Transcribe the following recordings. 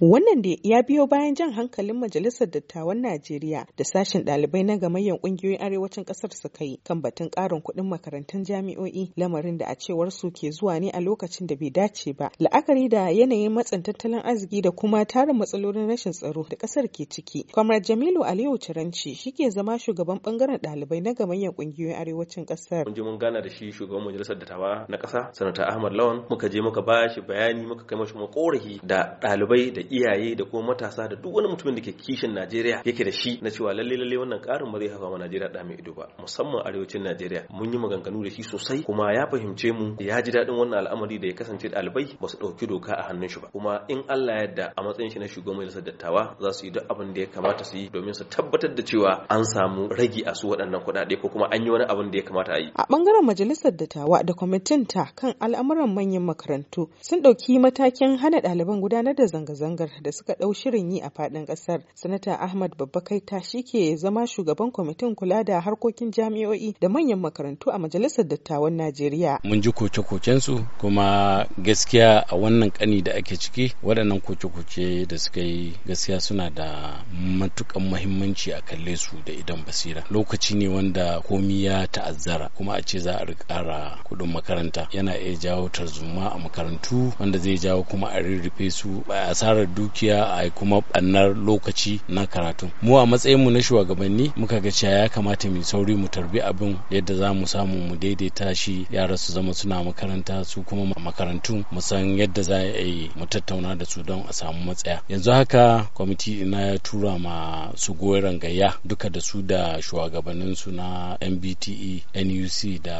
Wannan da ya biyo bayan jan hankalin Majalisar Dattawan Najeriya da sashen ɗalibai na gamayyar ƙungiyoyin arewacin ƙasar suka yi kan batun ƙarin kuɗin makarantun jami'o'i lamarin da a cewar su ke zuwa ne a lokacin da bai dace ba. La'akari da yanayin matsin tattalin arziki da kuma tarin matsalolin rashin tsaro da ƙasar ke ciki. Kwamar Jamilu Aliyu Ciranci shi ke zama shugaban ɓangaren ɗalibai na gamayyar ƙungiyoyin arewacin ƙasar. Mun je mun gana da shi shugaban Majalisar Dattawa na ƙasa, Sanata Ahmad Lawan, muka je muka ba shi bayani muka kai mashi makorahi da ɗalibai da iyaye da kuma matasa da duk wani mutumin da ke kishin Najeriya yake da shi na cewa lalle lalle wannan karin ba zai hafa ma Najeriya da mai ido ba musamman arewacin Najeriya mun yi maganganu da shi sosai kuma ya fahimce mu ya ji daɗin wannan al'amari da ya kasance ɗalibai ba su ɗauki doka a hannun shi ba kuma in Allah ya yarda a matsayin shi na shugaban majalisar dattawa za su yi duk abin da ya kamata su yi domin su tabbatar da cewa an samu ragi a su waɗannan kuɗaɗe ko kuma an yi wani abin da ya kamata a yi a bangaren majalisar dattawa da kwamitin ta kan al'amuran manyan makarantu sun ɗauki matakin hana ɗaliban gudanar da zanga-zanga zanga da suka ɗau shirin yi a faɗin ƙasar. Sanata Ahmad Babbakaita shi ke zama shugaban kwamitin kula da harkokin jami'o'i da manyan makarantu a Majalisar Dattawan Najeriya. Mun ji koke su kuma gaskiya a wannan kani da ake ciki waɗannan koce-koce da suka yi gaskiya suna da matukan muhimmanci a kalle su da idan basira. Lokaci ne wanda komi ya ta'azzara kuma a ce za a ƙara kuɗin makaranta yana iya jawo tarzuma a makarantu wanda zai jawo kuma a rirrife su a asarar dukiya a kuma bannar lokaci na karatu mu a matsayin mu na shugabanni muka ga cewa ya kamata mu sauri mu tarbi abin yadda za mu samu mu daidaita shi yara su zama suna makaranta su kuma makarantu mu san yadda za a yi mu tattauna da su don a samu matsaya yanzu haka kwamiti ina ya tura ma su goyon gayya duka da su da su na mbte nuc da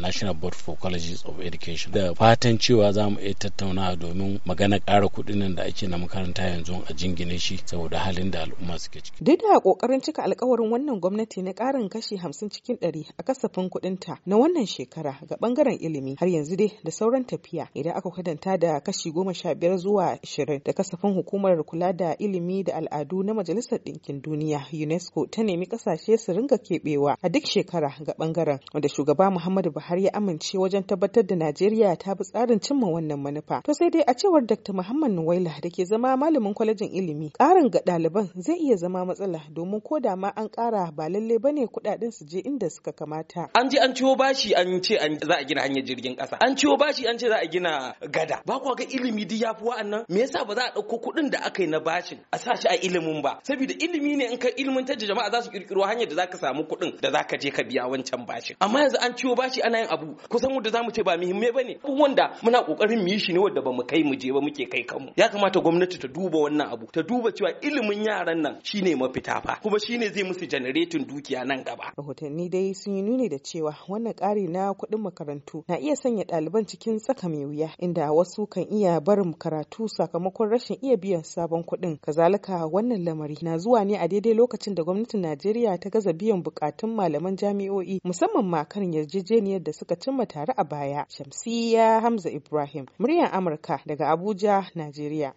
National Board for Colleges of Education. Da fatan cewa za mu iya tattaunawa domin magana ƙara kuɗin nan da ake na makaranta yanzu a jingine shi saboda halin da al'umma suke ciki. Duk da ƙoƙarin cika alkawarin wannan gwamnati na ƙarin kashi hamsin cikin ɗari a kasafin ta na wannan shekara ga ɓangaren ilimi har yanzu dai da sauran tafiya idan aka kwatanta da kashi goma sha biyar zuwa ashirin da kasafin hukumar kula da ilimi da al'adu na Majalisar Ɗinkin Duniya UNESCO ta nemi ƙasashe su ringa keɓewa a duk shekara ga ɓangaren wanda shugaba Muhammadu Buhari Buhari ya amince wajen tabbatar da Najeriya ta bi tsarin cimma wannan manufa. To sai dai a cewar Dr. Muhammad Nuwaila da ke zama malamin kwalejin ilimi, ƙarin ga ɗaliban zai iya zama matsala domin ko da ma an ƙara ba lalle ba ne kuɗaɗen su je inda suka kamata. An je an ciwo bashi an ce za a gina hanyar jirgin ƙasa. An ciwo bashi an ce za a gina gada. Ba kuwa ga ilimi duk ya fi wa'annan? Me yasa ba za a ɗauko kuɗin da aka yi na bashin a sa shi a ilimin ba? Saboda ilimi ne in ka ilimin da jama'a za su ƙirƙiro hanyar da za ka samu kuɗin da za ka je ka biya wancan bashin. Amma yanzu an ciwo bashi ana ƙananan abu kusan wanda zamu ce ba muhimmai bane abubuwan da muna kokarin mu yi shi ne wanda ba mu kai mu je ba muke kai kanmu ya kamata gwamnati ta duba wannan abu ta duba cewa ilimin yaran nan shine mafita fa kuma shine zai musu janaretin dukiya nan gaba rahotanni dai sun yi nuni da cewa wannan ƙari na kuɗin makarantu na iya sanya ɗaliban cikin tsaka mai wuya inda wasu kan iya barin karatu sakamakon rashin iya biyan sabon kuɗin kazalika wannan lamari na zuwa ne a daidai lokacin da gwamnatin Najeriya ta gaza biyan bukatun malaman jami'o'i musamman ma kan yarjejeniyar da suka cimma tare a baya. Shamsiyya Hamza Ibrahim, muryar Amurka daga Abuja, Najeriya.